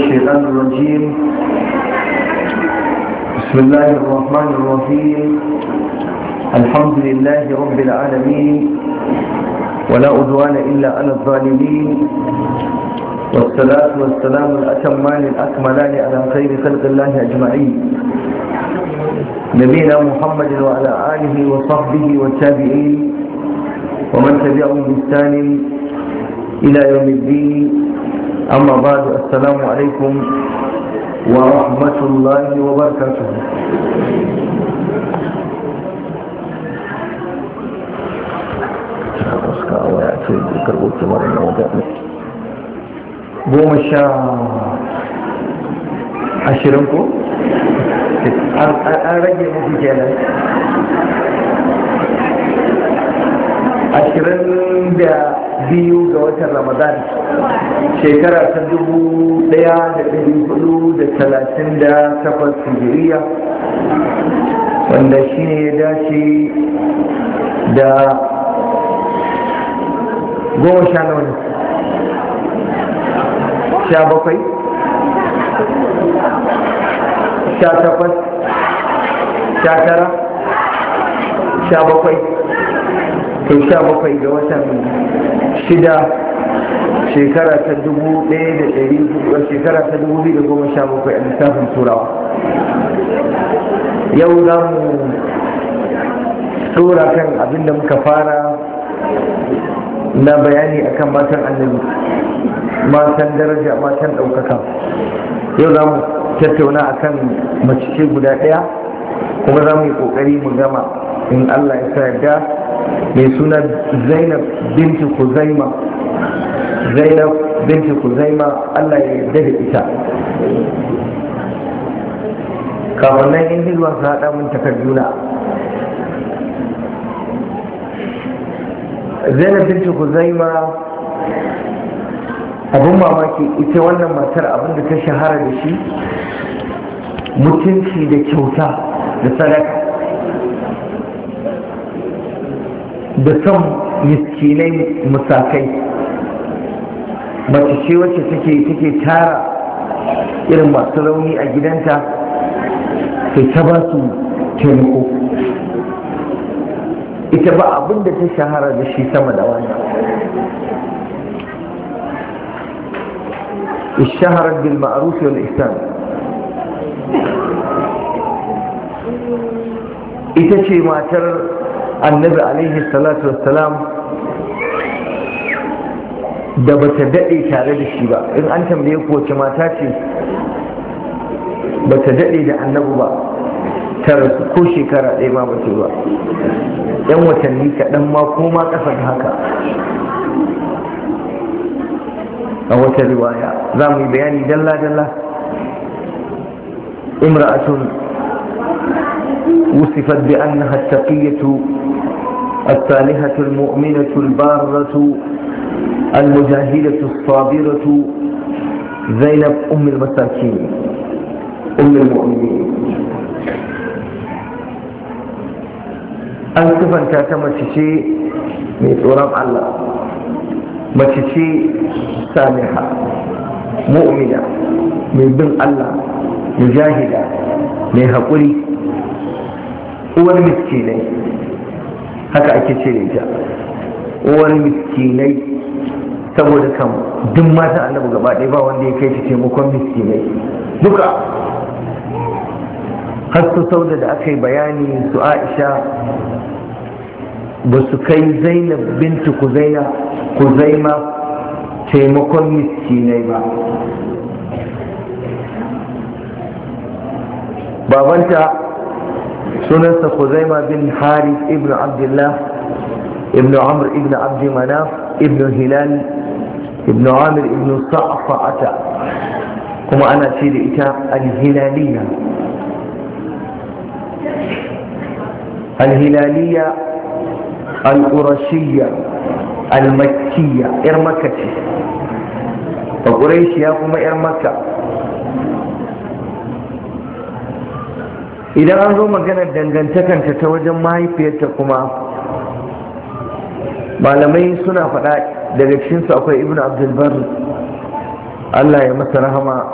الشيطان الرجيم بسم الله الرحمن الرحيم الحمد لله رب العالمين ولا أدوان إلا على الظالمين والصلاة والسلام الأتمان الأكملان على خير خلق الله أجمعين نبينا محمد وعلى آله وصحبه والتابعين ومن تبعهم بإحسان إلى يوم الدين أما بعد السلام عليكم ورحمة الله وبركاته بوم الشاء أشرمكو أرجي في جلال أشرم بيو جوة رمضان shekara ta dubu daya da dari hudu da talatin da takwas hijiriya wanda shi ne ya dace da goma sha nawa sha bakwai sha takwas sha tara sha bakwai to sha bakwai ga watan shida shekara ta dubu ɗaya da ɗari shekara ta dubu biyu da goma sha bakwai a littafin turawa yau za mu tsora kan abin da muka fara na bayani akan matan annabi matan daraja matan ɗaukaka yau za mu tattauna akan mace macice guda ɗaya kuma za mu yi ƙoƙari mu gama in allah ya sa yadda mai suna zainab binti kuzaima zainab binti kuzaima allah ya yarda da ita kamar nan in hizba su haɗa mun takarduna zainab binti kuzaima abin mamaki ita wannan matar abin da ta shahara da shi mutunci da kyauta da sadaka da son miskinai musakai mace ce wacce take take tara irin masu rauni a gidanta sai ta ba su taimako ita ba abin da ta shahara da shi sama da wani اشتهرت بالمعروف والإحسان ita ce matar annabi alaihi salatu wassalam da ba ta daɗe tare da shi ba in an tambaye ku wace mata ce ba ta daɗe da annabu ba ta rasu ko shekara ɗaya ma ba ce ba yan watanni kaɗan ma ko ma ƙasa da haka a wata riwaya za mu yi bayani dalla-dalla imra'atun wusifat bi annaha taqiyatu الصالحة المؤمنة البارة المجاهدة الصابرة زينب أم المساكين أم المؤمنين an sifanta ta mace ce mai tsoron Allah mace ce samiha mu'mina mai bin Allah mujahida mai haƙuri uwar miskinai haka ake ce da ita uwar miskinai saboda kan duk matan annabi gaba ɗaya ba wanda ya kai ta taimakon miskinai duka har su da aka yi bayani su aisha ba su kai zainab bintu kuzaina kuzaima taimakon miskinai ba babanta sunansa kuzaima bin haris ibn abdullah ibn amr ibn abdi manaf ibn hilal ibn amir ibn sa'fa'ata kuma ana ce da ita alhilaliya alhilaliya al-qurashiyya al-makkiyya yar makka ce ba qurayshiya kuma yar makka idan an zo maganar dangantakanta ta wajen mahaifiyarta kuma malamai suna faɗa daga cikinsu akwai ibn abdulbar allah ya masa rahama